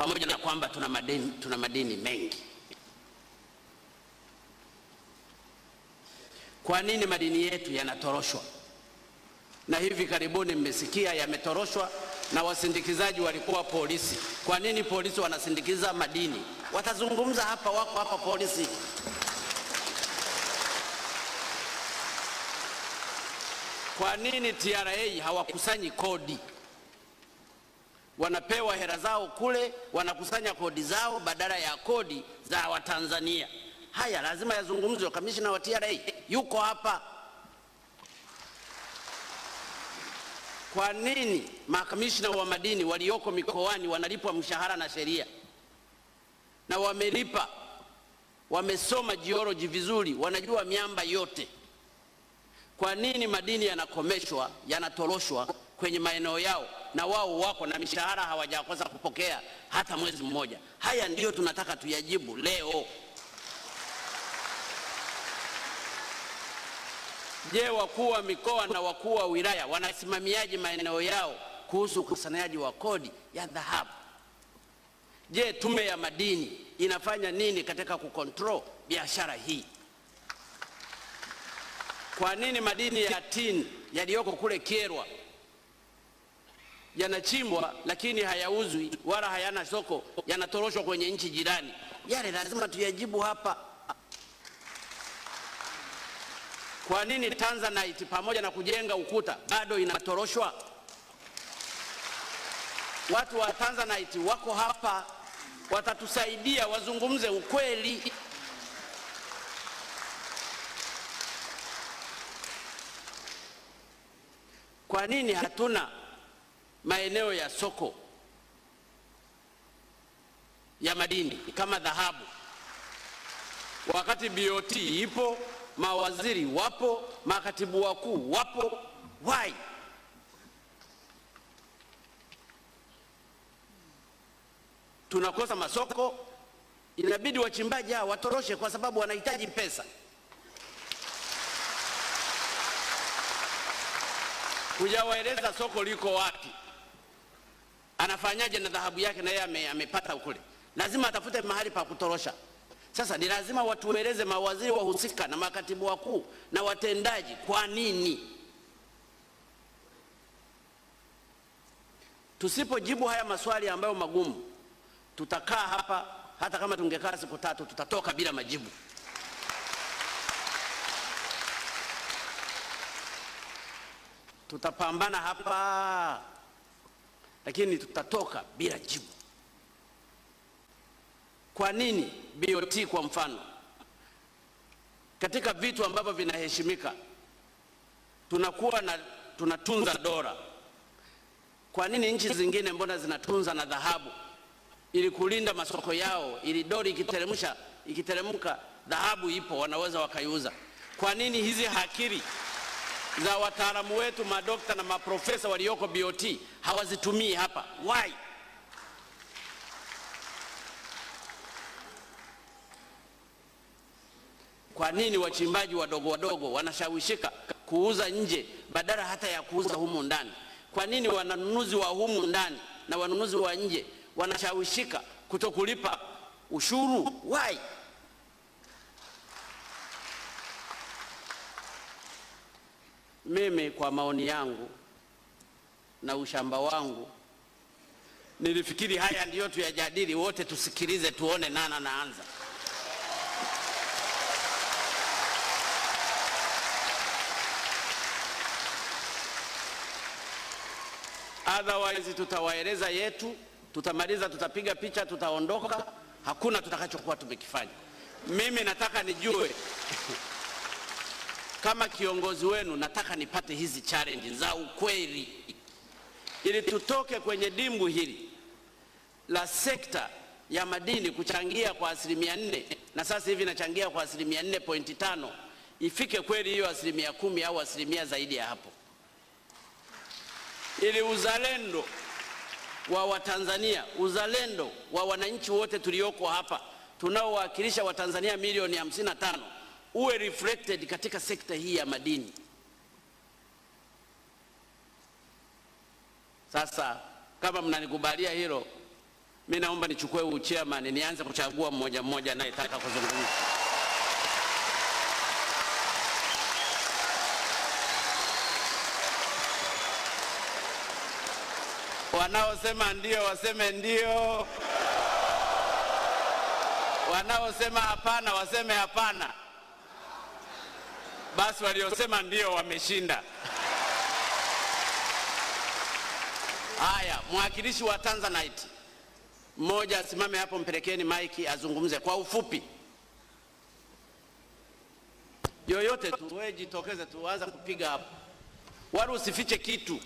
pamoja na kwamba tuna madini, tuna madini mengi. Kwa nini madini yetu yanatoroshwa? Na hivi karibuni mmesikia yametoroshwa na wasindikizaji walikuwa polisi. Kwa nini polisi wanasindikiza madini? Watazungumza hapa, wako hapa polisi. Kwa nini TRA hawakusanyi kodi? wanapewa hela zao kule, wanakusanya kodi zao badala ya kodi za Watanzania. Haya lazima yazungumzwe. Kamishna wa TRA yuko hapa. Kwa nini makamishna wa madini walioko mikoani wanalipwa mshahara na sheria na wamelipa, wamesoma jioloji vizuri, wanajua miamba yote? Kwa nini madini yanakomeshwa, yanatoroshwa kwenye maeneo yao? na wao wako na mishahara hawajakosa kupokea hata mwezi mmoja. Haya ndiyo tunataka tuyajibu leo. Je, wakuu wa mikoa na wakuu wa wilaya wanasimamiaje maeneo yao kuhusu ukusanyaji wa kodi ya dhahabu? Je, tume ya madini inafanya nini katika kukontrol biashara hii? Kwa nini madini ya tin yaliyoko kule Kyerwa yanachimbwa lakini hayauzwi wala hayana soko, yanatoroshwa kwenye nchi jirani. Yale lazima tuyajibu hapa. Kwa nini Tanzanite pamoja na kujenga ukuta bado inatoroshwa? Watu wa Tanzanite wako hapa, watatusaidia wazungumze ukweli. Kwa nini hatuna maeneo ya soko ya madini kama dhahabu, wakati BOT ipo, mawaziri wapo, makatibu wakuu wapo. Why? Tunakosa masoko, inabidi wachimbaji hawa watoroshe kwa sababu wanahitaji pesa. Hujawaeleza soko liko wapi? anafanyaje na dhahabu yake na yeye amepata ukule? Lazima atafute mahali pa kutorosha. Sasa ni lazima watueleze mawaziri wahusika na makatibu wakuu na watendaji, kwa nini tusipojibu haya maswali ambayo magumu, tutakaa hapa, hata kama tungekaa siku tatu, tutatoka bila majibu. Tutapambana hapa lakini tutatoka bila jibu. Kwa nini BOT kwa mfano, katika vitu ambavyo vinaheshimika tunakuwa na tunatunza dola? Kwa nini nchi zingine mbona zinatunza na dhahabu ili kulinda masoko yao, ili dola ikiteremsha ikiteremka, dhahabu ipo, wanaweza wakaiuza. Kwa nini hizi hakiri za wataalamu wetu madokta na maprofesa walioko BOT hawazitumii hapa. Why? Kwa nini wachimbaji wadogo wadogo wanashawishika kuuza nje badala hata ya kuuza humu ndani? Kwa nini wanunuzi wa humu ndani na wanunuzi wa nje wanashawishika kutokulipa ushuru? Why? Mimi kwa maoni yangu na ushamba wangu nilifikiri haya ndiyo tuyajadili wote, tusikilize, tuone nana naanza. Otherwise tutawaeleza yetu, tutamaliza, tutapiga picha, tutaondoka, hakuna tutakachokuwa tumekifanya. Mimi nataka nijue kama kiongozi wenu nataka nipate hizi challenge za ukweli, ili tutoke kwenye dimbu hili la sekta ya madini kuchangia kwa asilimia nne na sasa hivi inachangia kwa asilimia nne pointi tano ifike kweli hiyo asilimia kumi au asilimia zaidi ya hapo, ili uzalendo wa Watanzania, uzalendo wa wananchi wote tulioko hapa tunaowakilisha Watanzania milioni hamsini na tano uwe reflected katika sekta hii ya madini. Sasa kama mnanikubalia hilo, mi naomba nichukue uchairman nianze kuchagua mmoja mmoja anayetaka kuzungumza. Wanaosema ndio waseme ndio, wanaosema hapana waseme hapana basi waliosema ndio wameshinda. Haya, mwakilishi wa Tanzanite mmoja asimame hapo, mpelekeni maiki azungumze kwa ufupi, yoyote tu. Wewe jitokeze tu, anza kupiga hapo, wala usifiche kitu.